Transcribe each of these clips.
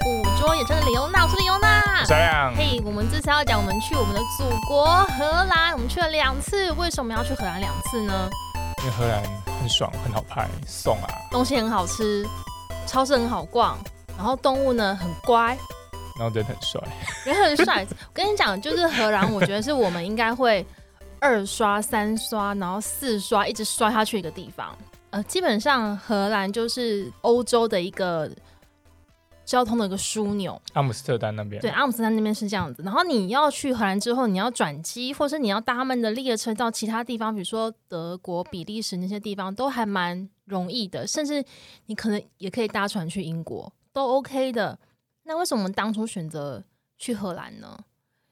捕捉野生的李歐那，我是李歐那，小亮。嘿，hey, 我們這次要講我們去我們的祖國荷蘭，我們去了兩次，為什麼要去荷蘭兩次呢？因為荷蘭很，很爽，很好拍，送啊，東西很好吃，超市很好逛，然後動物呢很乖，然後真的很帥，也很帥。 我跟你講，就是荷蘭，我覺得是我們應該會二刷、三刷，然後四刷，一直刷下去一個地方。呃，基本上荷蘭就是歐洲的一個，交通的一個樞紐，阿姆斯特丹那邊。對，阿姆斯特丹那邊是這樣子。然後你要去荷蘭之後，你要轉機，或是你要搭他們的列車到其他地方，比如說德國、比利時那些地方，都還蠻容易的。甚至你可能也可以搭船去英國，都 OK 的。那為什麼我們當初選擇去荷蘭呢？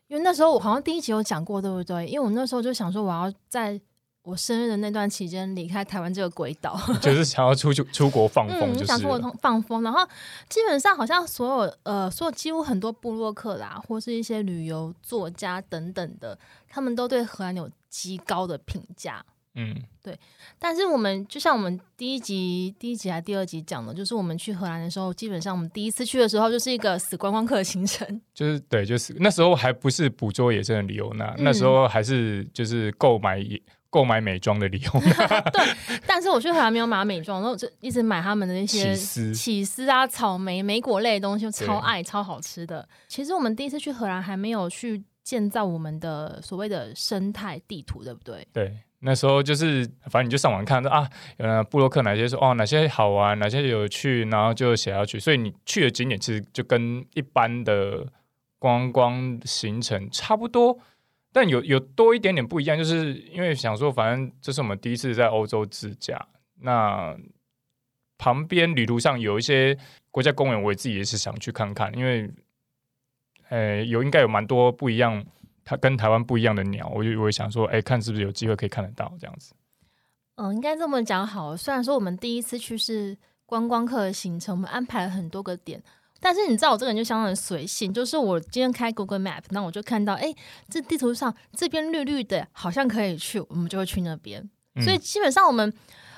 因為那時候我好像第一集有講過，對不對？因為我那時候就想說，我要在。我生日的那段期間離開台灣這個鬼島，就是想要出去出國放風，就是、嗯、想出國放風。然後基本上好像所有呃，所有幾乎很多部落客啦，或是一些旅遊作家等等的，他們都對荷蘭有極高的評價。嗯，對。但是我們就像我們第一集第一集還第二集講的，就是我們去荷蘭的時候，基本上我們第一次去的時候就是一個死觀光客的行程。就是對，就是那時候還不是捕捉野生的李歐那，那，嗯、那時候還是就是購買。購買美妝的理由， 對，但是我去荷蘭沒有買美妝，然後 就一直買他們的那些起司，啊，草莓、莓果類的東西，超愛，對超好吃的。其實我們第一次去荷蘭還沒有去建造我們的所謂的生態地圖，對不對？對，那時候就是反正你就上網看啊，部落客哪些說哦，哪些好玩，哪些有趣，然後就寫要去。所以你去的景點其實就跟一般的觀光行程差不多。但有有多一點點不一樣，就是因為想說，反正這是我們第一次在歐洲自駕。那旁邊旅途上有一些國家公園，我自己也是想去看看，因為，呃、欸，有應該有蠻多不一樣，它跟台灣不一樣的鳥，我就我想說，哎、欸，看是不是有機會可以看得到這樣子。嗯，應該這麼講好。雖然說我們第一次去是觀光客的行程，我們安排了很多個點。但是你知道我這個人就相當的隨性，就是我今天開 Google Map，那我就看到，哎，這地圖上這邊綠綠的，好像可以去，我們就會去那邊。嗯、所以基本上我們，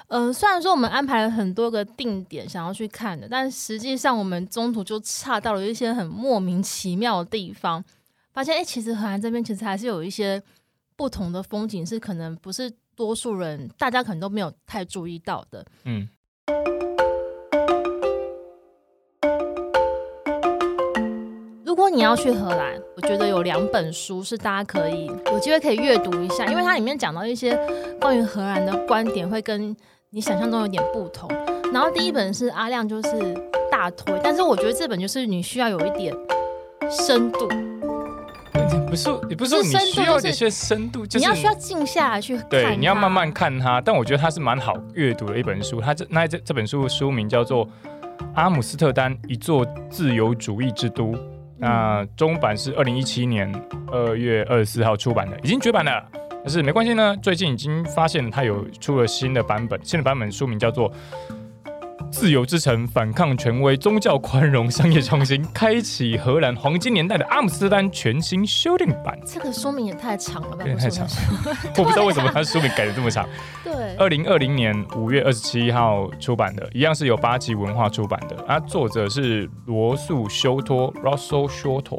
嗯、呃，雖然說我們安排了很多個定點想要去看的，但實際上我們中途就岔到了一些很莫名其妙的地方，發現哎，其實荷蘭這邊其實還是有一些不同的風景，是可能不是多數人大家可能都沒有太注意到的，嗯。如果你要去荷蘭，我覺得有兩本書是大家可以有機會可以閱讀一下，因為它裡面講到一些關於荷蘭的觀點，會跟你想象中有點不同。然後第一本是阿亮，就是大推，但是我覺得這本就是你需要有一點深度，不是你不是說你需要一些深度，就是你要需要靜下來去看，對，你要慢慢看它。但我覺得它是蠻好閱讀的一本書。它這那這這本書的書名叫做《阿姆斯特丹：一座自由主義之都》。那、呃、中版是二零一七年二月二十四號出版的，已經絕版了。但是沒關係呢，最近已經發現它有出了新的版本，新的版本書名叫做。自由之城，反抗權威，宗教寬容，商業創新，開啟荷蘭黃金年代的阿姆斯丹，全新修訂版。這個書名也太長了吧！也太長了， 啊、我不知道為什麼他書名改得這麼長。對，二零二零年五月二十七號出版的，一樣是由八旗文化出版的，啊，作者是羅素·修托 （Russell Shorto），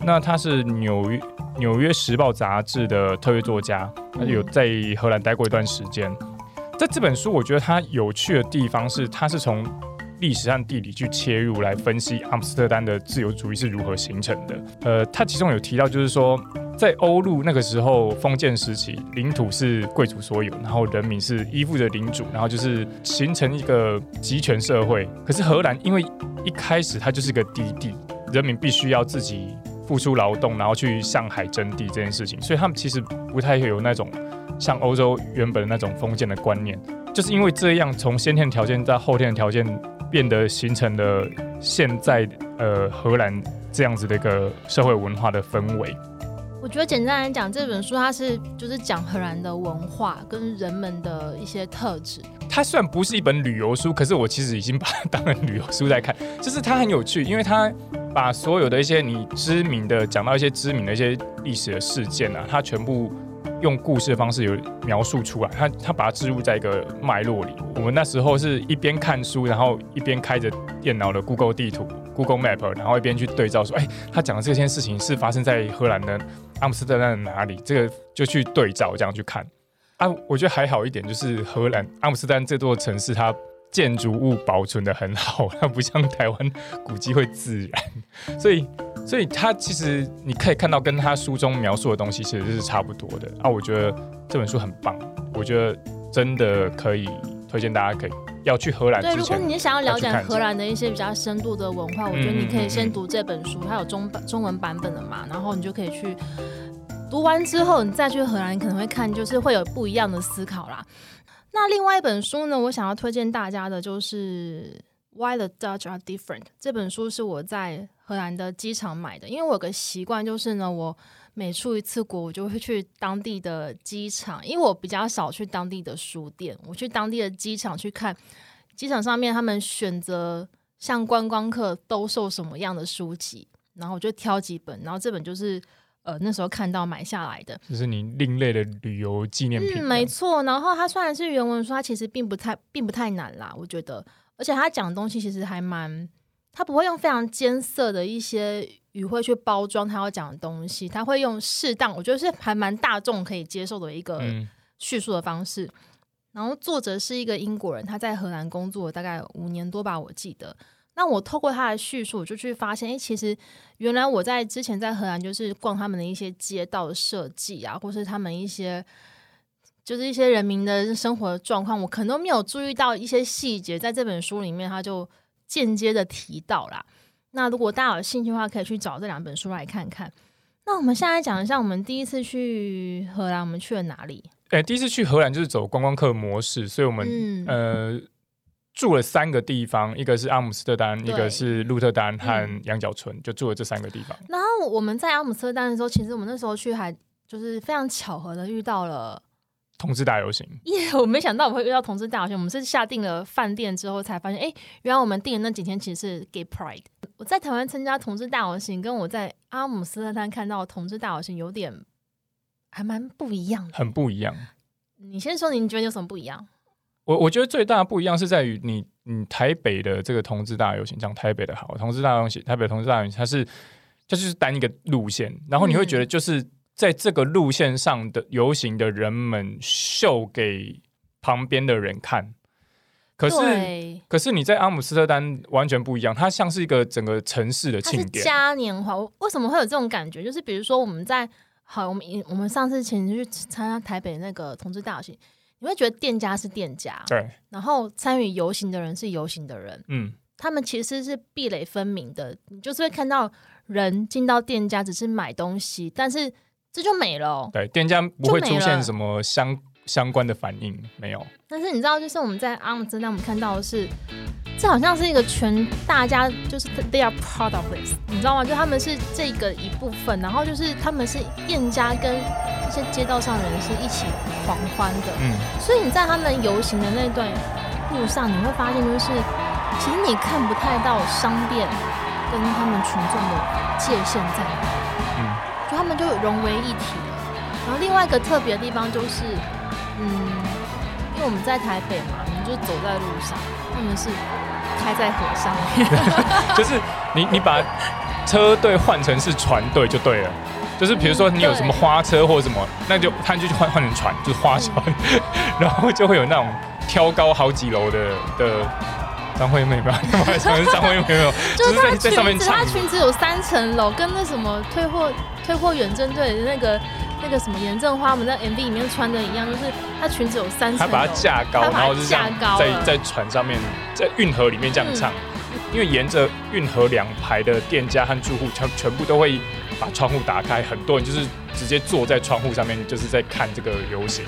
那他是紐約《紐約時報》雜誌的特約作家，他有在荷蘭待過一段時間。嗯在這本書，我覺得它有趣的地方是，它是從歷史上地理去切入來分析阿姆斯特丹的自由主義是如何形成的。呃，它其中有提到，就是說在歐陸那個時候封建時期，領土是貴族所有，然後人民是依附着領主，然後就是形成一個集權社會。可是荷蘭因為一開始它就是一個低地，人民必須要自己付出勞動，然後去上海徵地這件事情，所以他們其實不太會有那種。像歐洲原本的那種封建的觀念，就是因為這樣，從先天的條件到後天的條件，變得形成了現在呃荷蘭這樣子的一個社會文化的氛圍。我覺得簡單來講，這本書它是就是講荷蘭的文化跟人們的一些特質。它雖然不是一本旅遊書，可是我其實已經把它當成旅遊書在看，就是它很有趣，因為它把所有的一些你知名的，講到一些知名的一些歷史的事件啊，它全部。用故事的方式有描述出來，他他把它植入在一個脈絡裡。我們那時候是一邊看書，然後一邊開着電腦的 Google 地圖、Google Map，然後一邊去對照說：“哎、欸，他講的這件事情是發生在荷蘭的阿姆斯特丹的哪裡？”這個就去對照這樣去看啊。我覺得還好一點，就是荷蘭阿姆斯特丹這座城市它。建築物保存得很好，它不像台灣古蹟會自燃，所以，所以它其實你可以看到，跟他書中描述的東西其實是差不多的啊。我覺得這本書很棒，我覺得真的可以推薦大家，可以要去荷蘭。對，如果你想要了解荷蘭的一些比較深度的文化，我覺得你可以先讀這本書，它有中版中文版本的嘛，然後你就可以去讀完之後，你再去荷蘭，你可能會看，就是會有不一樣的思考啦。那另外一本書呢，我想要推薦大家的就是《Why the Dutch Are Different》，這本書是我在荷蘭的機場買的。因為我有個習慣，就是呢，我每出一次國，我就會去當地的機場，因為我比較少去當地的書店，我去當地的機場去看，機場上面他們選擇像觀光客兜售什麼樣的書籍，然後我就挑幾本，然後這本就是。呃，那時候看到買下來的，就是你另類的旅遊紀念品。嗯，沒錯。然後它雖然是原文書，它其實並不太，並不太難啦，我覺得。而且他講東西其實還蠻，他不會用非常艱澀的一些語彙去包裝他要講的東西，他會用適當，我覺得是還蠻大眾可以接受的一個敘述的方式。嗯。然後作者是一個英國人，他在荷蘭工作大概五年多吧，我記得。那我透過他的敘述，我就去發現，哎、欸，其實原來我在之前在荷蘭，就是逛他們的一些街道設計啊，或是他們一些就是一些人民的生活狀況，我可能都沒有注意到一些細節。在這本書裡面，他就間接的提到了。那如果大家有興趣的話，可以去找這兩本書來看看。那我們現在講一下，我們第一次去荷蘭，我們去了哪裡？哎、欸，第一次去荷蘭就是走觀光客模式，所以我們、嗯、呃。住了三個地方，一個是阿姆斯特丹，對一個是鹿特丹和羊角村，嗯、就住了這三個地方。然後我們在阿姆斯特丹的時候，其實我們那時候去還就是非常巧合的遇到了同志大遊行。耶！我沒想到我會遇到同志大遊行，我們是下定了飯店之後才發現，哎、欸，原來我們定的那幾天其實是 Gay Pride。我在台灣參加同志大遊行，跟我在阿姆斯特丹看到同志大遊行有點還蠻不一樣的，很不一樣。你先說，你覺得有什麼不一樣？我我覺得最大的不一樣是在於你，你台北的這個同志大遊行，講台北的好同志大遊行，台北的同志大遊行，它是它就，就是單一個路線，然後你會覺得就是在這個路線上的遊行的人們秀給旁邊的人看。可是對可是你在阿姆斯特丹完全不一樣，它像是一個整個城市的慶典嘉年華。為什麼會有這種感覺？就是比如說我們在好，我們我們上次請你去參加台北那個同志大遊行。會覺得店家是店家，對，然後參與遊行的人是遊行的人，嗯，他們其實是壁壘分明的。你就是會看到人進到店家只是買東西，但是這就沒了。對，店家不會出現什麼相相關的反應沒有，但是你知道，就是我們在阿姆斯特丹我們看到的是，這好像是一個全大家就是 they are part of it，你知道嗎？就他們是這個一部分，然後就是他們是店家跟這些街道上人是一起狂歡的，嗯，所以你在他們遊行的那段路上，你會發現就是其實你看不太到商店跟他們群眾的界限在哪，嗯，就他們就融為一體了。然後另外一個特別的地方就是。嗯，因為我們在台北嘛，我們就走在路上，他們是開在河上面。 就是你你把車隊換成是船隊就對了，就是比如說你有什麼花車或者什麼，那就他就去換換成船，就是花船，嗯、然後就會有那種挑高好幾樓的的張惠妹吧，還是張惠妹沒有？就是在，就在上面唱。他裙子有三層樓，跟那什麼退貨退貨遠征隊的那個。那個什麼嚴正花，我們在 MV 裡面穿的一樣，就是她裙子有三層，她把它架高，然後就架高，在在船上面，在運河裡面這樣唱，嗯，因為沿着運河兩排的店家和住戶，全全部都會把窗戶打開，很多人就是直接坐在窗戶上面，就是在看這個遊行。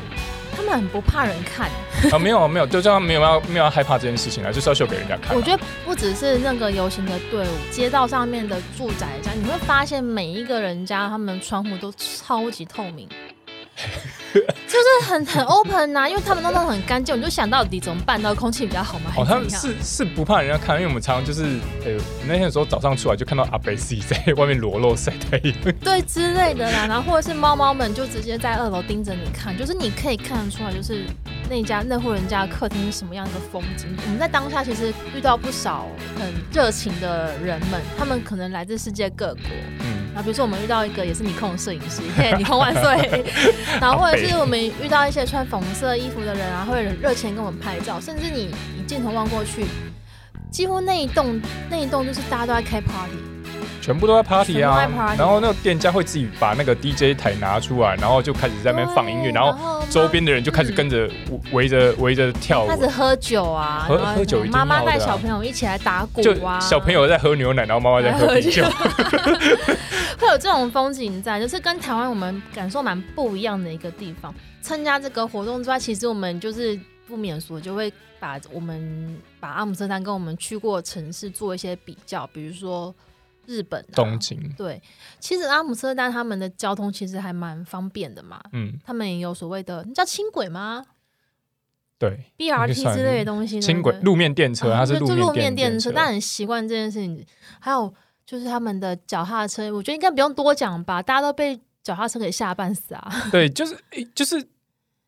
他們很不怕人看啊、哦！沒有沒有，就叫他沒有要沒有要害怕這件事情啊，就是要秀給人家看。我覺得不只是那個遊行的隊伍，街道上面的住宅這樣，你會發現每一個人家，他們的窗戶都超級透明。 就是很很 open 啊，因為他們弄得很乾淨，你就想到底怎麼辦？那空氣比較好嗎？好像、哦、是是不怕人家看，因為我們常常就是，呃、欸，那天的時候早上出來就看到阿貝 C 在外面裸露曬太陽，對之類的啦，然後或者是貓貓們就直接在二樓盯着你看，就是你可以看得出來就是。那家那戶人家客廳是什麼樣的風景？我們在當下其實遇到不少很熱情的人們，他們可能來自世界各國。嗯，然後比如說我們遇到一個也是尼康攝影師， 嘿尼康萬歲。 然後或者是我們遇到一些穿粉紅色衣服的人啊，然後會熱情跟我們拍照。甚至你一鏡頭望過去，幾乎那一棟那一棟就是大家都在開 party。全部都在 party 啊，party 然後那個店家會自己把那個 DJ 台拿出來，然後就開始在那邊放音樂，對然後周邊的人就開始跟着圍着圍着跳舞，開始喝酒啊，喝酒後，媽媽帶小朋友一起來打鼓啊，小朋友在喝牛奶，然後媽媽在喝啤酒，會有這種風景在，就是跟台灣我們感受蠻不一樣的一個地方。參加這個活動之外，其實我們就是不免俗，就會把我們把阿姆斯特丹跟我們去過的城市做一些比較，比如說。日本東、啊、京景對，其實阿姆斯特丹他們的交通其實還蠻方便的嘛，嗯，他們也有所謂的，那叫輕軌嗎？對，BRT 之類的東西，對對輕軌、路面電車，啊、它是路面電車。但很習慣這件事情。還有就是他們的腳踏車，我覺得應該不用多講吧，大家都被腳踏車給嚇半死啊。對，就是就是、就是、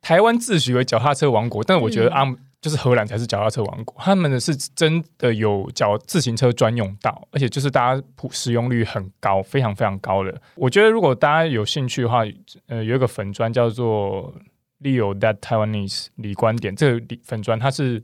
台灣自詡為腳踏車王國，但我覺得阿姆。嗯就是荷蘭才是腳踏車王國，他們的是真的有腳自行車專用道，而且就是大家使用率很高，非常非常高的。我覺得如果大家有興趣的話，呃，有一個粉專，叫做 Leo that Taiwanese 李觀點，這個粉專他是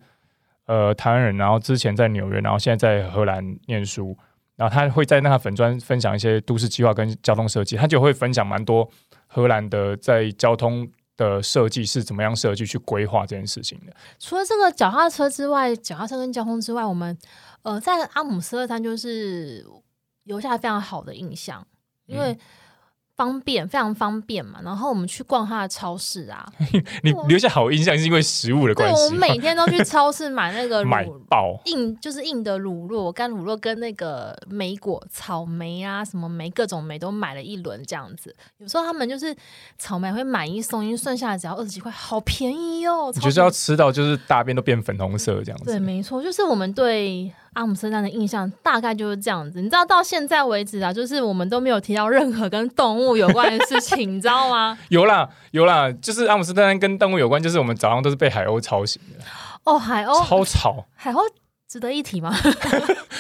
呃台灣人，然後之前在紐約，然後現在在荷蘭念書，然後他會在那個粉專分享一些都市計劃跟交通設計，他就會分享蠻多荷蘭的在交通。的設計是怎麼樣設計去規劃這件事情的。除了這個腳踏車之外，腳踏車跟交通之外，我們呃在阿姆斯特丹就是留下非常好的印象，嗯、因為。方便，非常方便嘛。然後我們去逛他的超市啊。 你留下好印象我是因為食物的關係。我我每天都去超市買那個 買包，硬就是硬的乳酪，乾乳酪跟那個莓果、草莓啊，什麼莓各種莓都買了一輪這樣子。有時候他們就是草莓會買一送一，算下來只要二十幾塊，好便宜哦。宜你就是要吃到就是大便都變粉紅色這樣子。嗯、對，沒錯，就是我們對。阿姆斯特丹的印象大概就是這樣子，你知道到現在為止啊，就是我們都沒有提到任何跟動物有關的事情， 你知道嗎？有啦有啦，就是阿姆斯特丹跟動物有關，就是我們早上都是被海鷗吵醒的。哦，海鷗超吵，海鷗值得一提嗎？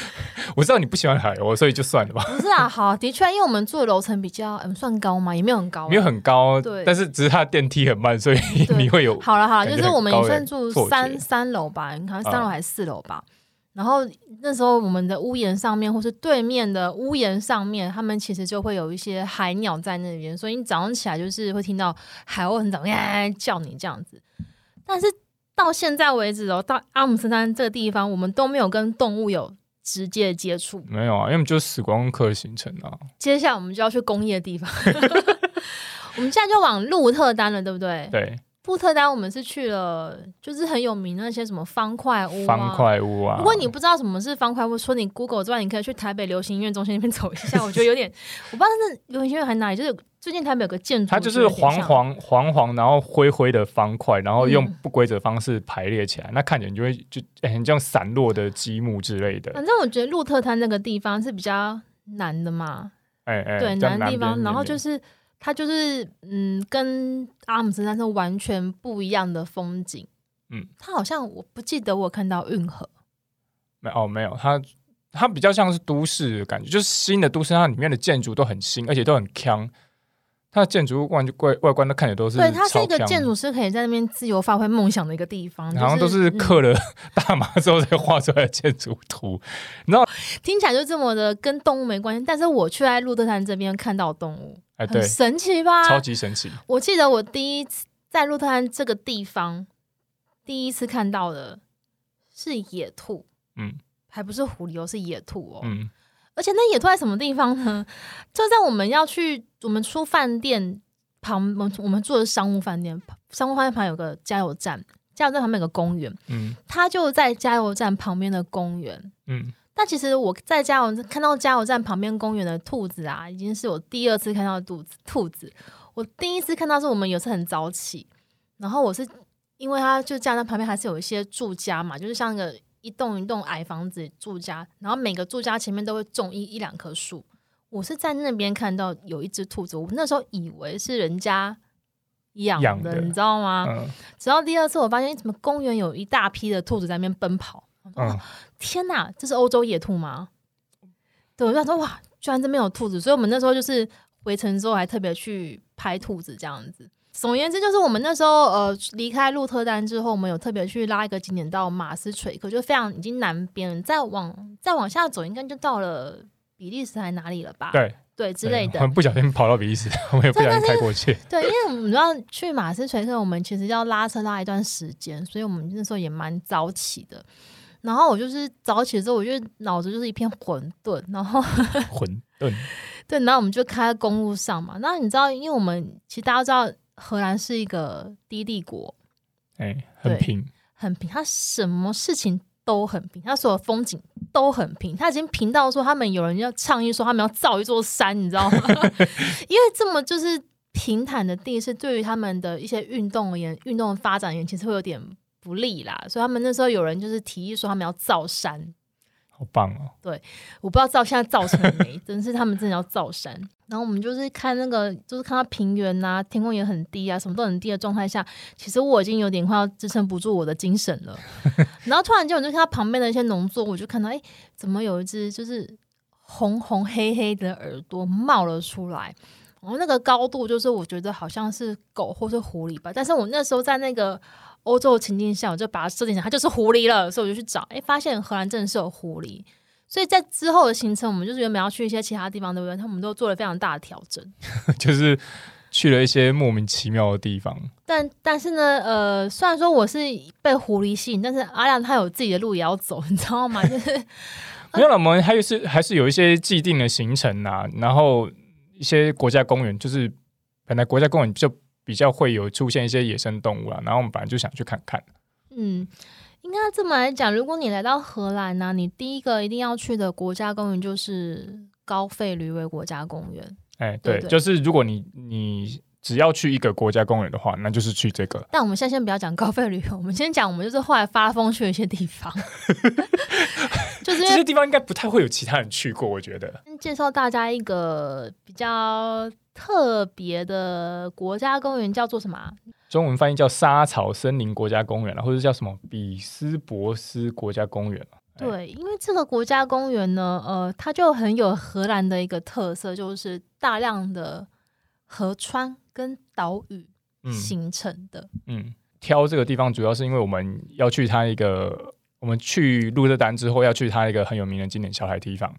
我知道你不喜歡海鷗，所以就算了吧。 不是啊，好啊，的確，因為我們住的樓層比較嗯、欸、算高嘛，也沒有很高，沒有很高，對。但是只是它的電梯很慢，所以你會有。好了、啊、好了、啊，就是我們也算住三解三樓吧，你看三樓還是四樓吧。啊然後那時候，我們的屋檐上面，或是對面的屋檐上面，他們其實就會有一些海鳥在那邊，所以你早上起來就是會聽到海鷗很早呀叫你這樣子。但是到現在為止哦，到阿姆斯特丹這個地方，我們都沒有跟動物有直接接觸。沒有啊，因為我們就是時光客行程啊。接下來我們就要去工業地方， 我們現在就往鹿特丹了，對不對？對。鹿特丹，我們是去了，就是很有名的那些什麼方塊屋、啊、方塊屋啊！如果你不知道什麼是方塊屋，說你 Google 之外，你可以去台北流行音樂中心那邊走一下。 我覺得有點，我不知道那流行音樂還哪裡，就是最近台北有個建築，它就是黃黃黃黃，然後灰灰的方塊，然後用不規則方式排列起來，嗯、那看起來你就會就很、欸、像散落的積木之類的。反正、嗯、我覺得鹿特丹那個地方是比較難的嘛。哎哎、欸，欸、對，難的地方，面面然後就是。它就是嗯，跟阿姆斯特丹是完全不一樣的風景。嗯，它好像我不記得我有看到運河，沒哦，沒有它，它比較像是都市的感覺，就是新的都市，它裡面的建築都很新，而且都很強。它的建築外外外觀都看起來都是對，它是一個建築師可以在那邊自由發揮夢想的一個地方，然後都是刻了大麻之後才畫出來的建築圖。然後、嗯、聽起來就這麼的跟動物沒關係，但是我卻在鹿特丹這邊看到動物。哎，欸、對，神奇吧？超級神奇！我記得我第一次在鹿特丹這個地方，第一次看到的是野兔，嗯，還不是狐狸哦，是野兔哦，嗯，而且那野兔在什麼地方呢？就在我們要去，我們出飯店旁，我們我們住的商務飯店，商務飯店旁有個加油站，加油站旁邊有個公園，嗯，它就在加油站旁邊的公園，嗯。那其實我在加油站看到加油站旁邊公園的兔子啊，已經是我第二次看到兔子。兔子，我第一次看到是我們有次很早起，然後我是因為他就加油站旁邊還是有一些住家嘛，就是像一個一棟一棟矮房子住家，然後每個住家前面都會種一一兩棵樹。我是在那邊看到有一隻兔子，我那時候以為是人家養的，養的，你知道嗎？嗯。直到第二次我發現，怎麼公園有一大批的兔子在那邊奔跑。嗯天哪，這是歐洲野兔嗎？對，我就想說哇，居然這邊有兔子，所以我們那時候就是回程之後還特別去拍兔子這樣子。總而言之，就是我們那時候呃離開鹿特丹之後，我們有特別去拉一個景點到馬斯垂克，就非常已經南邊再往再往下走，應該就到了比利時還哪裡了吧？對對之類的。我們不小心跑到比利時，我們也不小心開過去。對，因為我們知道去馬斯垂克，我們其實要拉車拉一段時間， 所以我們那時候也蠻早起的。然後我就是早起之後我就腦子就是一片混沌，然後混沌頓。 對，然後我們就開在公路上嘛。那你知道，因為我們其實大家都知道，荷蘭是一個低地國，哎、欸，很平，很平，它什麼事情都很平，它所有風景都很平，它已經平到說他們有人要倡議說他們要造一座山，你知道嗎？ 因為這麼就是平坦的地勢，是對於他們的一些運動而言，運動發展而言，其實會有點。不利啦，所以他們那時候有人就是提議說他們要造山，好棒哦！對，我不知道造現在造成沒，真 是他們真的要造山。然後我們就是看那個，就是看到平原啊，天空也很低啊，什麼都很低的狀態下，其實我已經有點快要支撐不住我的精神了。然後突然間我就看到旁邊的一些農作物，我就看到哎、欸，怎麼有一隻就是紅紅黑黑的耳朵冒了出來？然後那個高度就是我覺得好像是狗或是狐狸吧，但是我那時候在那個。歐洲的情境下，我就把它設定成它就是狐狸了，所以我就去找，哎、欸，發現荷蘭真的是有狐狸，所以在之後的行程，我們就是原本要去一些其他地方，對不對？他們都做了非常大的調整， 就是去了一些莫名其妙的地方。但但是呢，呃，雖然說我是被狐狸吸引，但是阿亮他有自己的路也要走，你知道嗎？就是 沒有了，我們還是還是有一些既定的行程啊，然後一些國家公園，就是本來國家公園就。比較會有出現一些野生動物啦、啊，然後我們本來就想去看看。嗯，應該這麼來講，如果你來到荷蘭呢、啊，你第一個一定要去的國家公園就是高費呂韋國家公園。哎、欸，對，對對對，就是如果你你只要去一個國家公園的話，那就是去這個。但我們現在先不要講高費呂韋，我們先講我們就是後來發瘋去的一些地方， 就是這些地方應該不太會有其他人去過，我覺得。先介紹大家一個比較。特別的國家公園叫做什麼、啊？中文翻譯叫莎草森林國家公園了、啊，或者叫什麼比斯博斯國家公園、啊、對，欸、因為這個國家公園呢，呃，它就很有荷蘭的一個特色，就是大量的河川跟島嶼形成的嗯。嗯，挑這個地方主要是因為我們要去它一個，我們去鹿特丹之後要去它一個很有名的景點——小孩堤防。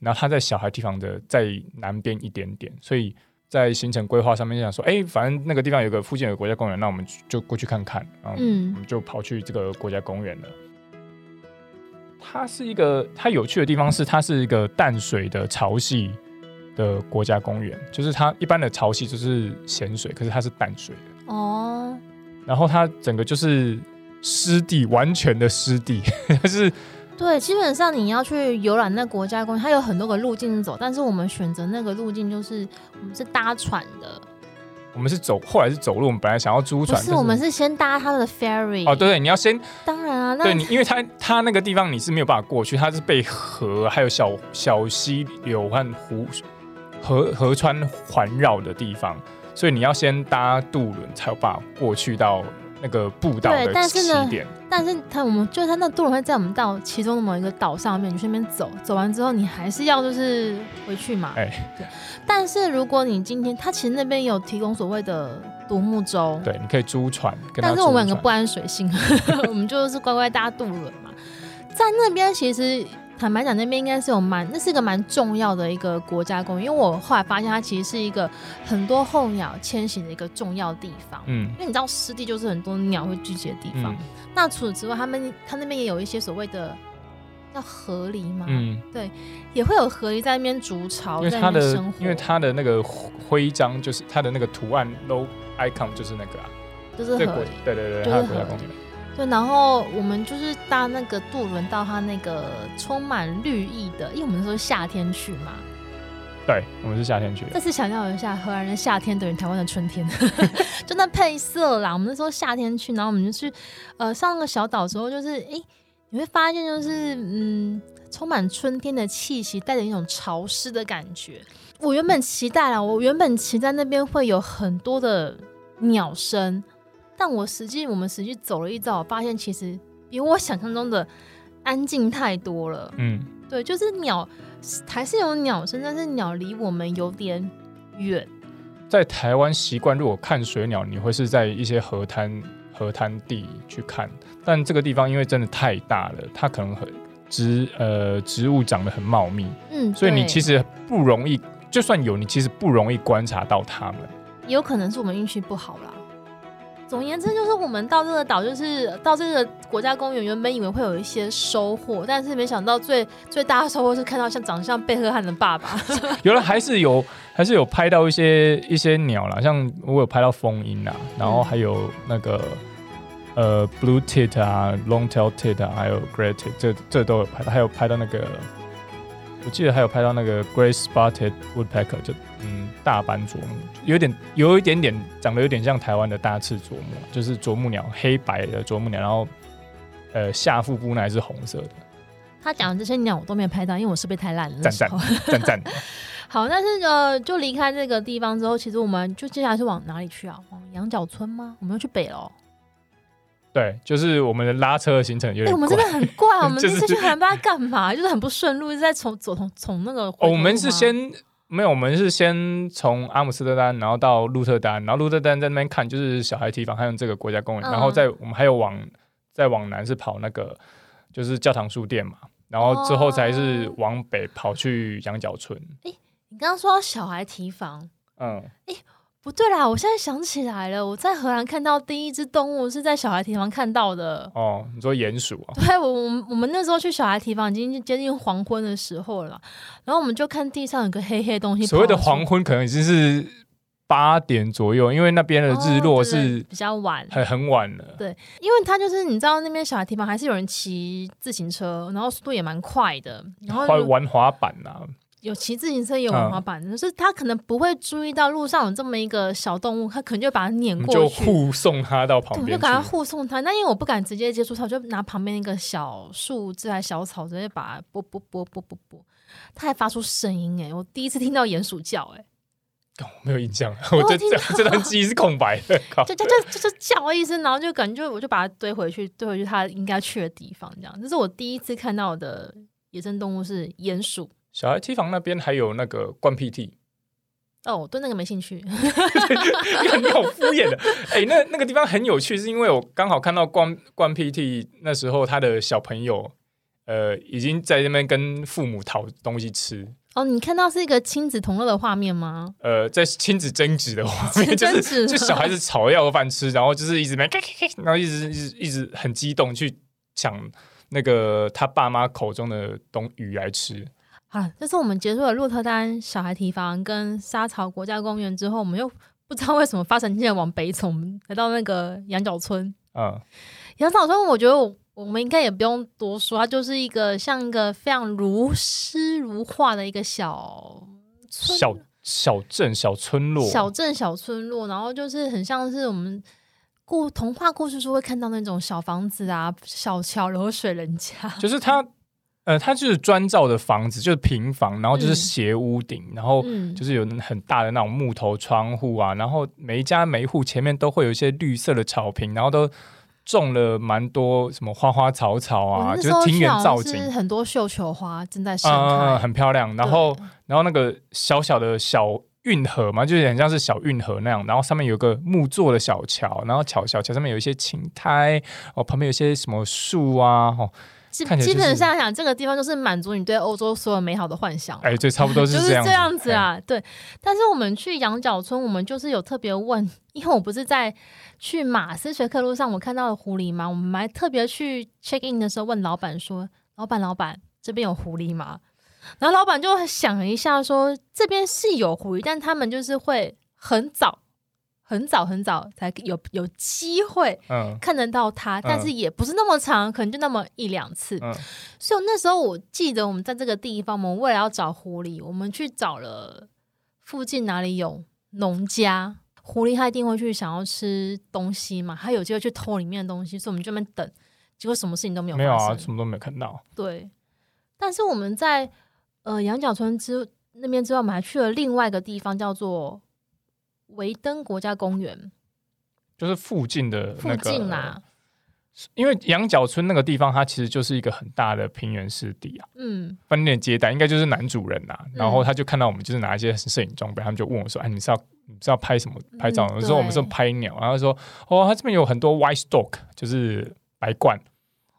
然後它在小孩堤防的在南邊一點點，所以。在行程規劃上面就想說，哎、欸，反正那個地方有個附近有個國家公園，那我們就過去看看。然後我們就跑去這個國家公園了。嗯、它是一個，它有趣的地方是，它是一個淡水的潮汐的國家公園，就是它一般的潮汐就是鹹水，可是它是淡水的。哦。然後它整個就是濕地，完全的濕地，它是。對，基本上你要去遊覽那個國家公園，它有很多個路徑走，但是我們選擇那個路徑就是我們是搭船的。我們是走，後來是走路。我們本來想要租船，的是，但是我們是先搭他的 ferry。哦，對對，你要先。當然啊，那對，你因為它它那個地方你是沒有辦法過去，它是被河還有小小溪流和湖河河川環繞的地方，所以你要先搭渡輪才有辦法過去到。那個步道，對，但是呢，但是他我們就是他那渡輪會在我們到其中的某一個島上面，你去那邊走走完之後，你還是要就是回去嘛。哎，欸、對。但是如果你今天，他其實那邊有提供所謂的獨木舟，對，你可以租船。跟他租一船，但是我們兩個不諳水性， 我們就是乖乖搭渡輪嘛。在那邊其實。坦白講，那邊應該是有蠻，那是一個蠻重要的一個國家公園，因為我後來發現它其實是一個很多候鳥遷徙的一個重要地方。嗯，因為你知道濕地就是很多鳥會聚集的地方。嗯，那除此之外，他們他那邊也有一些所謂的叫河狸嘛，嗯，對，也會有河狸在那邊築巢。因為它的，生活，因為他的那個徽章就是他的那個圖案 logo icon 就是那個啊，就是河狸，對對對，對，他的國家公園。對，然後我們就是搭那個渡輪到他那個充滿綠意的，因為我們是說夏天去嘛。對，我們是夏天去。再次強調一下，荷蘭的夏天等於台灣的春天， 就那配色啦。我們那時候夏天去，然後我們就去呃上那個小島之後，就是哎你會發現就是嗯充滿春天的氣息，帶着一種潮濕的感覺。我原本期待啦，我原本期待那邊會有很多的鳥聲。但我實際我們實際走了一遭，我發現其實比我想象中的安靜太多了。嗯，對，就是鳥還是有鳥聲，但是鳥離我們有點遠。在台灣習慣，如果看水鳥，你會是在一些河灘、河灘地去看。但這個地方因為真的太大了，它可能很植呃植物長得很茂密，嗯，所以你其實不容易，就算有，你其實不容易觀察到它們。也有可能是我們運氣不好啦。總而言之，就是我們到這個島，就是到這個國家公園，原本以為會有一些收穫，但是沒想到最最大的收穫是看到像長相貝克漢的爸爸。 有了還是有，還是有拍到一些一些鳥啦，像我有拍到蜂鷹啦，然後還有那個、嗯、呃 blue tit 啊 long-tailed tit 啊，ita, 還有 great tit，這這都有拍到，還有拍到那個。我記得還有拍到那個 grey spotted woodpecker，就嗯大斑啄木，有點有一點點長得有點像台灣的大赤啄木，就是啄木鳥，黑白的啄木鳥，然後呃下腹部那還是紅色的。他講的這些鳥我都沒有拍到，因為我設備太爛了。讚讚讚讚 好，但是呃就離開這個地方之後，其實我們就接下來是往哪裡去啊？往羊角村嗎？我們要去北嘍、哦。對，就是我們的拉車的行程有點、欸。我們真的很怪， 就是、我們這次去荷蘭幹嘛？就是很不順路，一直 在從左從從，從那個、哦。我們是先沒有，我們是先從阿姆斯特丹，然後到鹿特丹，然後鹿特丹在那邊看，就是小孩提防，還有這個國家公園，嗯、然後再我們還有往再往南是跑那個，就是教堂書店嘛，然後之後才是往北跑去羊角村。哎、哦，你剛剛說到小孩提防，嗯。哎。不對啦！我現在想起來了，我在荷蘭看到第一隻動物是在小孩堤防看到的。哦，你說鼴鼠啊？對，我我們我們那時候去小孩堤防已經接近黃昏的時候了，然後我們就看地上有個黑黑東西。所謂的黃昏可能已經是八點左右，因為那邊的日落是、哦、對對比較晚，很很晚了。對，因為它就是你知道那邊小孩堤防還是有人騎自行車，然後速度也蠻快的，然後玩滑板吶、啊。有騎自行車，有滑板，就是、啊、他可能不會注意到路上有這麼一個小動物，他可能就會把它碾過去，就護送它到旁邊，對就把護送它。那因為我不敢直接接觸它，我就拿旁邊那個小樹枝、小草，直接把它撥撥撥撥撥撥，它還發出聲音哎、欸，我第一次聽到鼹鼠叫哎、欸，沒有印象，我這就呵這段記憶是空白的，靠就就就就叫了一聲，然後就感覺就我就把它堆回去，堆回去它應該去的地方，這樣。這是我第一次看到的野生動物是鼹鼠。小孩堤防那邊還有那個鸛 PT 哦，我、oh, 對那個沒興趣，又 很 好敷衍的。哎、欸，那那個地方很有趣，是因為我剛好看到鸛鸛 PT 那時候他的小朋友，呃，已經在那邊跟父母討東西吃。哦，oh, 你看到是一個親子同樂的畫面嗎？呃，在親子爭執的畫面，就是就小孩子吵要飯吃，然後就是一直沒，然後一直一直一直很激動去搶那個他爸媽口中的東魚來吃。啊、就是我們結束了鹿特丹、小孩堤防跟莎草國家公園之後，我們又不知道為什麼發神經的往北走，來到那個羊角村。嗯，羊角村我覺得我我們應該也不用多說，它就是一個像一個非常如詩如畫的一個小村小小鎮、小村落、小鎮小村落，然後就是很像是我們故童話故事書會看到那種小房子啊、小橋流水人家，就是它，呃，它就是磚造的房子，就是平房，然後就是斜屋頂，嗯、然後就是有很大的那種木頭窗戶啊，嗯、然後每一家每一戶前面都會有一些綠色的草坪，然後都種了蠻多什麼花花草草啊，就是庭園造景，很多繡球花正在盛開，呃，很漂亮。對然後，然後那個小小的小運河嘛，就有點像是小運河那樣，然後上面有個木做的小橋，然後橋小橋上面有一些青苔哦，旁邊有一些什麼樹啊，哦基、就是、基本上想這個地方就是滿足你對歐洲所有美好的幻想。哎、欸，對，差不多是這樣子，這樣子啊。欸、對，但是我們去羊角村，我們就是有特別問，因為我不是在去馬斯垂克路上，我看到了狐狸嘛。我們還特別去 check in 的時候問老闆說：“老闆，老闆，這邊有狐狸嗎？”然後老闆就想一下說：“這邊是有狐狸，但他們就是會很早。”很早很早才有有機會看得到它，嗯、但是也不是那麼長，嗯、可能就那麼一兩次。嗯、所以那時候我記得，我們在這個地方，我們為了要找狐狸，我們去找了附近哪裡有農家，狐狸它一定會去想要吃東西嘛，它有機會去偷裡面的東西，所以我們就那邊等，結果什麼事情都沒有，沒有啊，什麼都沒有看到。對，但是我們在呃羊角村之那邊之後，我們還去了另外一個地方，叫做。維登國家公園，就是附近的那個，附近啊呃、因為羊角村那個地方，它其實就是一個很大的平原濕地啊。嗯，飯店接待應該就是男主人吶、啊，然後他就看到我們就是拿一些攝影裝備，嗯、他們就問我說：“哎，你是要你是要拍什麼拍照麼？”我、嗯、說：“我們是要拍鳥。對”然後他說：“哦，他這邊有很多 white stork，就是白鸛。”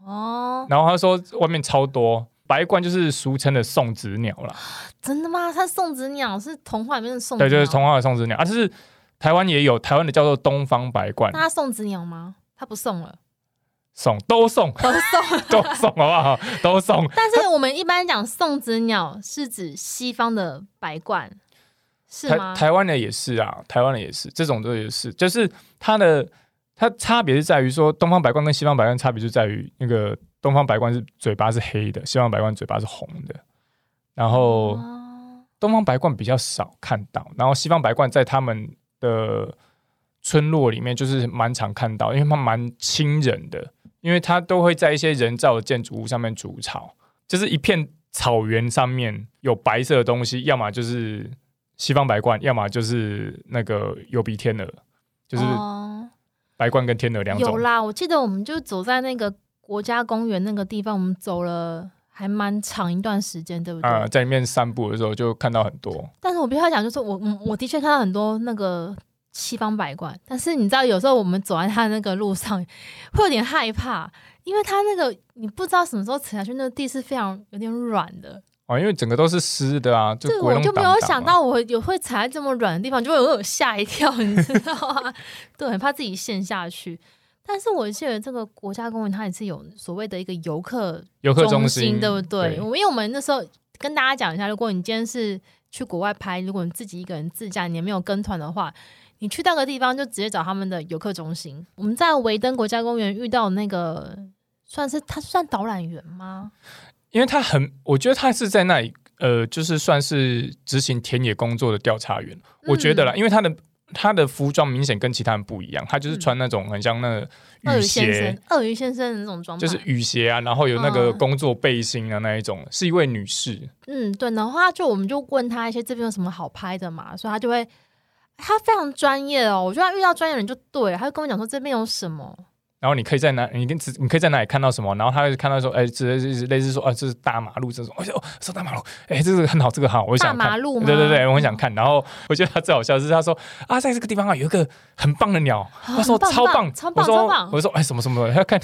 哦，然後他說外面超多。白鸛就是俗稱的送子鳥啦，真的嗎？它送子鳥是童話裡面的送子鳥？對，就是童話的送子鳥。而、啊就是台灣也有台灣的叫做東方白鸛，那它送子鳥嗎？它不送了，送都送，都送，都送了 都送好不好？都送。 但是我們一般講送子鳥是指西方的白鸛，是嗎？台灣的也是啊，台灣的也是，這種都也是，就是它的它差別是在於說東方白鸛跟西方白鸛差別就在於那個。東方白鸛是嘴巴是黑的，西方白鸛嘴巴是紅的。然後，東方白鸛比較少看到，然後西方白鸛在他們的村落裡面就是蠻常看到，因為他蠻親人的，因為他都會在一些人造的建築物上面築巢，就是一片草原上面有白色的東西，要麼就是西方白鸛，要麼就是那個疣鼻天鵝，就是白鸛跟天鵝兩種。有啦，我記得我們就走在那個。國家公園那個地方，我們走了還蠻長一段時間，對不對？啊、呃，在裡面散步的時候就看到很多。但是我不要講，就是我，嗯，我的確看到很多那個西方白鸛。但是你知道，有時候我們走在它那個路上，會有點害怕，因為它那個你不知道什麼時候踩下去，那個地是非常有點軟的。哦，因為整個都是濕的啊，就不對、啊，就我就沒有想到我有會踩在這麼軟的地方，就會有點嚇一跳，你知道嗎？ 對，很怕自己陷下去。但是我記得這個國家公園它，也是有所謂的一個遊客，遊客中心，對不對？對。因為我們那時候跟大家講一下，如果你今天是去國外拍，如果你自己一個人自駕，你也沒有跟團的話，你去到個地方就直接找他們的遊客中心。我們在維登國家公園遇到那個算是他算導覽員嗎？因為他很，我覺得他是在那裡，呃，就是算是執行田野工作的調查員。嗯。我覺得啦，因為他的。她的服裝明顯跟其他人不一樣，她就是穿那種很像那個雨鞋，鱷魚、嗯、先生的那種裝，就是雨鞋啊，然後有那個工作背心的、啊嗯、那一種，是一位女士。嗯，對，然後他就，就我們就問他一些這邊有什麼好拍的嘛，所以她就會，她非常專業哦，我覺得他遇到專業的人就對，她就跟我講說，這邊有什麼。然後你可以在哪，你跟你可以在哪裡看到什麼？然後他會看到說，哎、欸，這類似說，哦、啊，這是大馬路這種，哎呦，是大馬路，哎、欸，這是很好，這個好，我想看大馬路，對對對，我很想看。然後我覺得他最好笑的是，他說啊，在這個地方啊，有一個很棒的鳥，哦、他說、哦、棒超棒，超棒，超棒。我說哎棒、欸，什麼什麼，他看，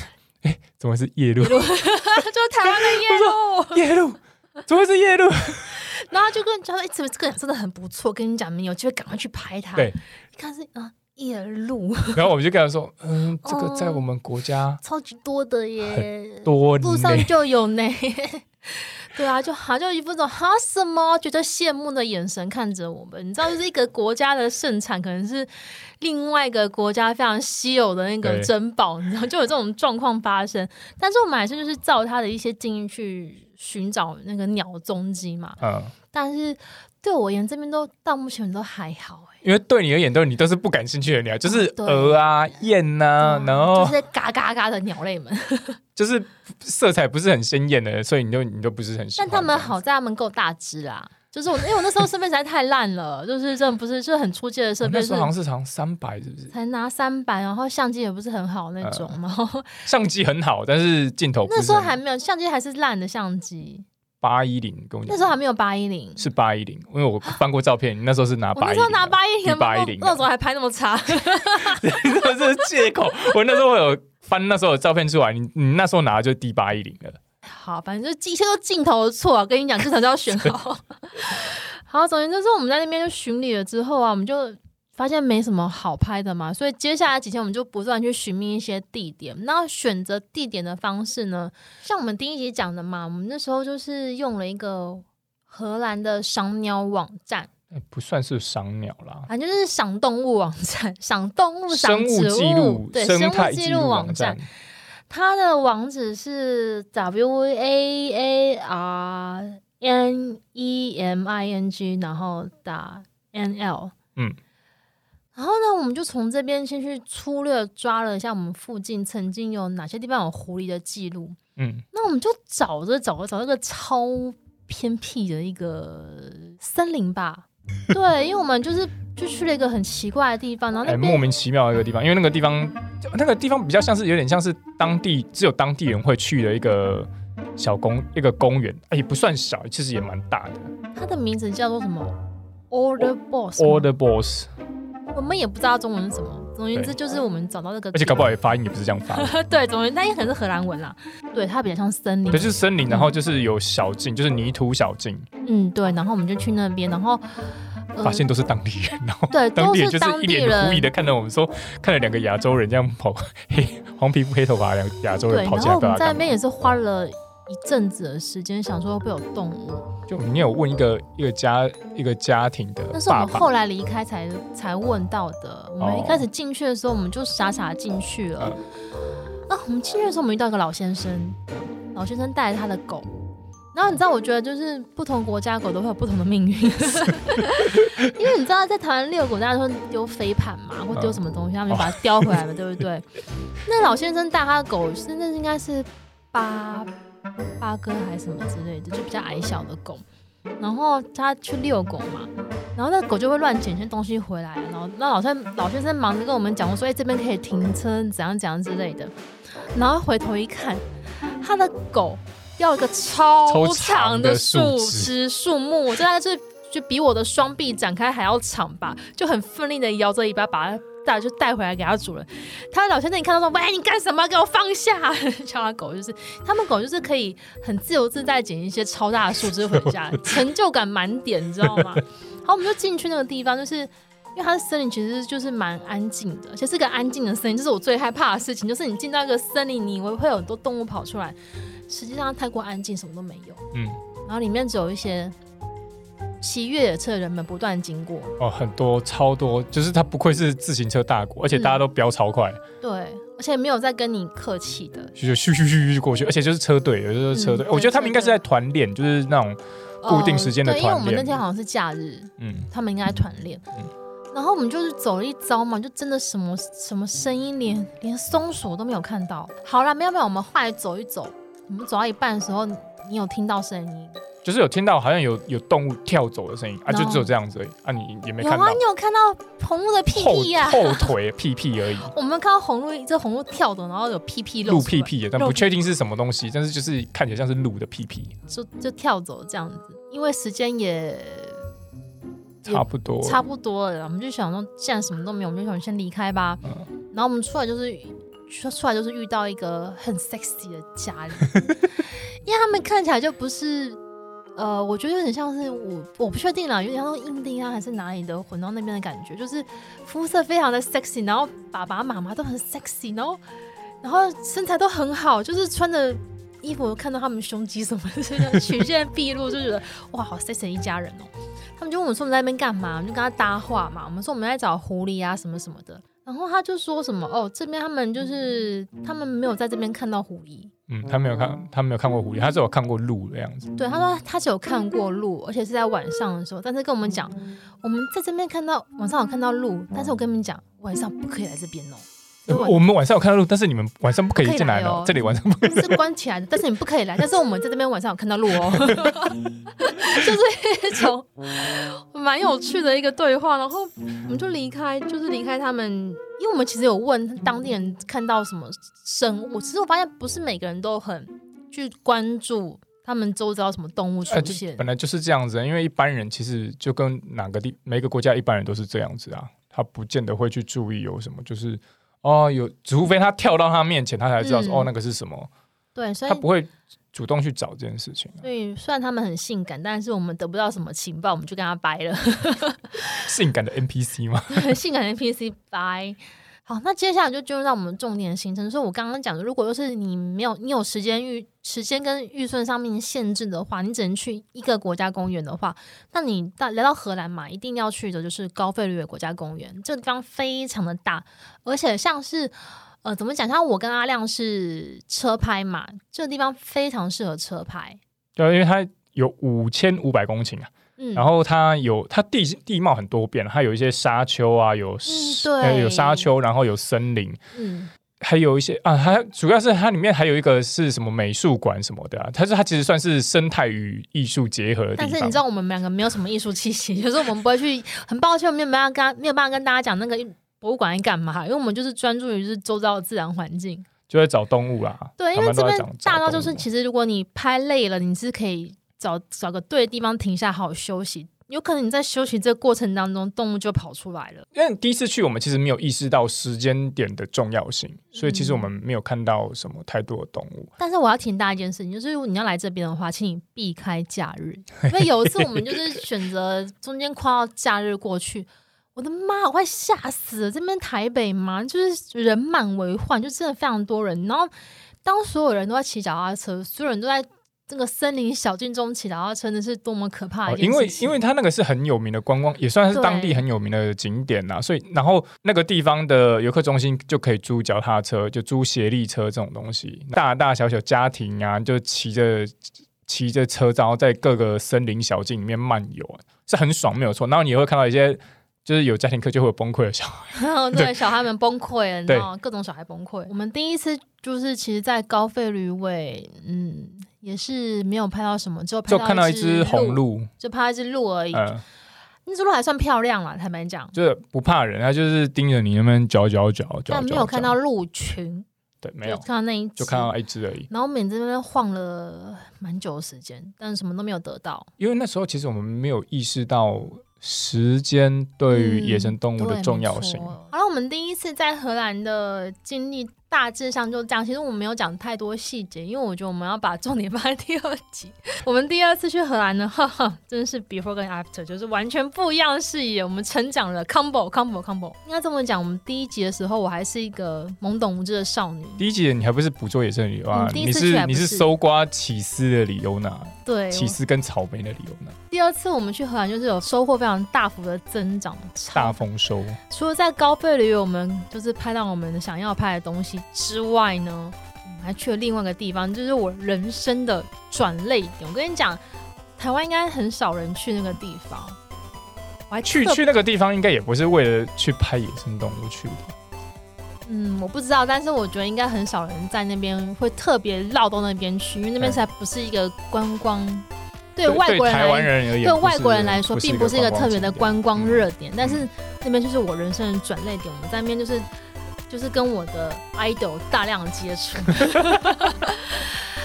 哎、欸，怎麼會是夜路？夜路， 就是台灣的夜路。 夜路，怎麼會是夜路？ 然後就跟人家說怎麼、欸、這個真的很不錯，跟你講，你有機會趕快去拍它。對，你看是啊。夜鷺然後我們就跟他說：“嗯，這個在我們國家、嗯、超級多的耶，多路上就有呢。 ”對啊，就好，就一副種“哈什麼”覺得羨慕的眼神看着我們，你知道，就是一個國家的盛產，可能是另外一個國家非常稀有的那個珍寶，對你知道，就有這種狀況發生。但是我們還是就是照他的一些經驗去尋找那個鳥蹤跡嘛。嗯，但是。對我而言，這邊都到目前都還好、欸、因為對你而言，都你都是不感興趣的鳥，哦、就是鵝啊、雁對啊，啊然後就是嘎嘎嘎的鳥類們， 就是色彩不是很鮮艷的，所以你就你就不是很喜歡。但他們好在他們夠大只啊，就是我因為、欸、我那時候設備實在太爛了， 就是真的不是就很初級的設備是，哦、那時候是常像是長三百，是不是？才拿三百，然後相機也不是很好那種嘛。呃、然後相機很好，但是鏡頭是那時候還沒有，相機還是爛的相機。八一零，10, 跟我講那時候還沒有八一零，是八一零，因為我翻過照片，啊、那時候是拿八一零，那時候拿八一零，那時候還拍那麼差？哈哈哈這是借口。 我那時候有翻那時候有照片出來，你你那時候拿的就是 D 八一零的，好，反正就鏡頭鏡頭錯，啊，跟你講，鏡頭就要選好。 是好，總之就是我們在那邊就巡禮了之後啊，我們就。發現沒什麼好拍的嘛，所以接下來幾天我們就不斷去尋覓一些地點。那選擇地點的方式呢？像我們第一集講的嘛，我們那時候就是用了一個荷蘭的賞鳥網站，欸、不算是賞鳥啦，反正、啊、就是賞動物網站，賞動物、賞植物對生物記錄、對、生態記錄網站。它的網址是 W A A R N E M I N G，然後打 N L，嗯。然後呢，我們就從這邊先去粗略抓了一下我們附近曾經有哪些地方有狐狸的記錄。嗯，那我們就找着找着找了個超偏僻的一個森林吧。 對，因為我們就是就去了一個很奇怪的地方，然後、哎、莫名其妙的一個地方，因為那個地方，那個地方比較像是有點像是當地只有當地人會去的一個小公一個公園，也、哎、不算小，其實也蠻大的。它的名字叫做什麼？Orderbos？Orderbos 我們也不知道中文是什麼，總言之，之就是我們找到那個，而且搞不好也發音也不是這樣發。 對，總之那也可能是荷蘭文啦。對，它比較像森林。對，就是森林，然後就是有小徑，嗯、就是泥土小徑。嗯，對，然後我們就去那邊，然後、呃、發現都是當地人。對，當地人，就是一臉狐疑的看着我們說，看了兩個亞洲人這樣跑，嘿，黃皮膚黑頭髮兩個亞洲人跑起來。然後我們在那邊也是花了。一陣子的時間，想說會不會有動物？就你有問一個一個家一個家庭的爸爸，那是我們後來離開才才問到的。我們一開始進去的時候，哦、我們就傻傻進去了。那、啊啊、我們進去的時候，我們遇到一個老先生，老先生帶着他的狗。然後你知道，我覺得就是不同國家狗都會有不同的命運，是的 因為你知道，在台灣遛狗大家都會丟飛盤嘛，或丟什麼東西，啊、他們就把它叼回來嘛，哦、對不對？ 那老先生帶他的狗，真的應該是八。八哥還是什麼之類的，就比較矮小的狗。然後他去遛狗嘛，然後那狗就會亂撿些東西回來。然後那老先老先生忙着跟我們講，說：“哎、欸，這邊可以停車，怎樣怎樣之類的。”然後回頭一看，他的狗要一個超長的樹枝樹木，真的就大概是就比我的雙臂展開還要長吧，就很奮力的搖着尾巴把它。帶就帶回來給他煮了，他的老先生你看到說：“喂，你幹什麼？給我放下呵呵！”叫他狗就是，他們狗就是可以很自由自在撿一些超大的樹枝回家， 成就感滿點，你知道嗎？ 好，我們就進去那個地方，就是因為它的森林其實就是蠻安靜的，而且是個安靜的森林，就是我最害怕的事情，就是你進到一個森林，你以為會有很多動物跑出來，實際上他太過安靜，什麼都沒有。嗯，然後裡面只有一些。騎越野車的人們不斷經過哦，很多超多，就是他不愧是自行車大國，嗯、而且大家都飆超快，對，而且沒有在跟你客氣的，就咻咻咻咻過去，而且就是車隊，就是車隊，嗯、對對對，我覺得他們應該是在團練，就是那種固定時間的團練。哦、對，因為我們那天好像是假日，嗯，他們應該在團練，嗯，然後我們就是走了一遭嘛，就真的什麼什麼聲音連，連連松鼠都沒有看到。好啦，沒有沒有，我們後來走一走，我們走到一半的時候。你有聽到聲音，就是有聽到好像有有動物跳走的聲音 No, 啊,就只有這樣子而已啊，你也沒看到。哇，你有看到紅鹿的屁屁啊？後腿屁屁而已。 我們看到紅鹿，這紅鹿跳走，然後有屁屁露。鹿屁屁，但不確定是什麼東西，屁但是就是看起來像是鹿的屁屁，就就跳走這樣子。因為時間也，也差不多，差不多了，我們就想說，既然什麼都沒有，我們就想先離開吧。嗯，然後我們出來就是。說出來就是遇到一個很 sexy 的家人， 因為他們看起來就不是，呃，我覺得很像是我我不確定啦，有點像是印第安、啊、還是哪裡的混到那邊的感覺，就是膚色非常的 sexy，然後爸爸媽媽都很 sexy，然後然後身材都很好，就是穿着衣服看到他們胸肌什麼的，曲線畢露，就覺得哇，好 sexy 一家人哦、喔。他們就問我們說我們在那邊幹嘛？我們就跟他搭話嘛，我們說我們在找狐狸啊什麼什麼的。然後他就說什麼哦，這邊他們就是他們沒有在這邊看到狐狸，嗯，他沒有看，他沒有看過狐狸，他只有看過鹿的樣子。嗯、對，他說他只有看過鹿，而且是在晚上的時候。但是跟我們講，我們在這邊看到晚上有看到鹿，但是我跟你們講，嗯、晚上不可以來這邊哦。呃、我們晚上有看到鹿，但是你們晚上不可以進來，不可以來哦。這裡晚上不可以是關起來的，但是你們不可以來。但是我們在這邊晚上有看到鹿哦， 就是一種蠻有趣的一個對話。然後我們就離開，就是離開他們，因為我們其實有問當地人看到什麼生物。其實我發現不是每個人都很去關注他們周遭什麼動物出現。呃、本來就是這樣子，因為一般人其實就跟哪個地每個國家一般人都是這樣子啊，他不見得會去注意有什麼，就是。哦，有，除非他跳到他面前，他才知道說，嗯、哦，那個是什麼。對，所以他不會主動去找這件事情啊。所以雖然他們很性感，但是我們得不到什麼情報，我們就跟他掰了。 性感的 NPC 嗎？性感的 NPC 掰。好，那接下來就進入到我們重點行程。所以我剛剛講的，如果就是你沒有你有時間預時間跟預算上面限制的話，你只能去一個國家公園的話，那你到來到荷蘭嘛，一定要去的就是高費呂韋國家公園。這個地方非常的大，而且像是呃，怎麼講？像我跟阿亮是車拍嘛，這個地方非常適合車拍。對，因為它有五千五百公頃啊。嗯、然後它有它地地貌很多變，它有一些沙丘啊，有、嗯對呃、有沙丘，然後有森林，嗯，還有一些啊，它主要是它裡面還有一個是什麼美術館什麼的，啊，它是它其實算是生態與藝術結合的地方。但是你知道我們兩個沒有什麼藝術氣息，有時候我們不會去，很抱歉，我們沒有辦法跟他沒有辦法跟大家講那個博物館在幹嘛，因為我們就是專注於就是周遭的自然環境，就會找動物啊。對，因為這邊大到就是其實如果你拍累了，你是可以。找找個對的地方停下，好好休息，有可能你在休息這個過程當中，動物就跑出來了。因為第一次去，我們其實沒有意識到時間點的重要性，嗯、所以其實我們沒有看到什麼太多的動物。但是我要提醒大家一件事情，就是如果你要來這邊的話，請你避開假日，因為有一次我們就是選擇中間跨到假日過去， 我的媽，我快嚇死了！這邊台北嘛，就是人滿為患，就真的非常多人。然後當所有人都在騎腳踏車，所有人都在。這個森林小徑中騎，然後真的是多麼可怕一、哦！因為，因為它那個是很有名的觀光，也算是當地很有名的景點吶、啊。對所以，然後那個地方的遊客中心就可以租腳踏車，就租協力車這種東西，大大小小家庭啊，就騎着騎着車，然後在各個森林小徑裡面漫遊，是很爽，沒有錯。然後你會看到一些，就是有家庭客就會有崩潰的小孩， 對,對小孩們崩潰了，你知道嗎？對各種小孩崩潰。我們第一次就是其實，在高費呂韋，嗯。也是沒有拍到什麼，就就看到一隻紅鹿，就拍到一隻鹿而已。那隻、呃、鹿還算漂亮了，坦白講，就是不怕人，它就是盯着你那邊嚼嚼嚼，但沒有看到鹿群，嚼嚼，對，沒有看到那一，就看到一隻而已。然後我們在那邊晃了蠻久的時間，但是什麼都沒有得到。因為那時候其實我們沒有意識到時間對於野生動物的重要性。嗯、好了，我們第一次在荷蘭的經歷。大致上就這樣。其實我們沒有講太多細節，因為我覺得我們要把重點放在第二集。我們第二次去荷蘭呢，哈哈，真的是 before 跟 after，就是完全不一樣的視野。我們成長了，combo，combo，combo。應該這麼講，我們第一集的時候，我還是一個懵懂無知的少女。第一集的你還不是捕捉野生的李歐那？嗯、第一次是你是你是搜刮起司的李歐那？對，起司跟草莓的李歐那？第二次我們去荷蘭，就是有收穫非常大幅的增長，大豐收。除了在高費呂韋，我們就是拍到我們想要拍的東西。之外呢，我、嗯、還去了另外一個地方，就是我人生的轉捩點。我跟你講，台灣應該很少人去那個地方。我還去去那個地方，應該也不是為了去拍野生動物去的。嗯，我不知道，但是我覺得應該很少人在那邊會特別繞到那邊去，因為那邊才不是一個觀光。嗯、對外國人來，對，人對外國人來說，並不，不是一個特別的觀光熱點。嗯、但是那邊就是我人生的轉捩點，我們在那邊就是。就是跟我的 idol 大量接觸。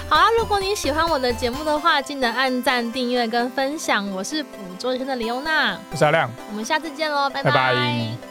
好啦、啊，如果你喜歡我的節目的話，記得按讚、訂閱跟分享。我是捕捉野生的李歐那，我是阿亮，我們下次見嘍，拜拜。拜拜。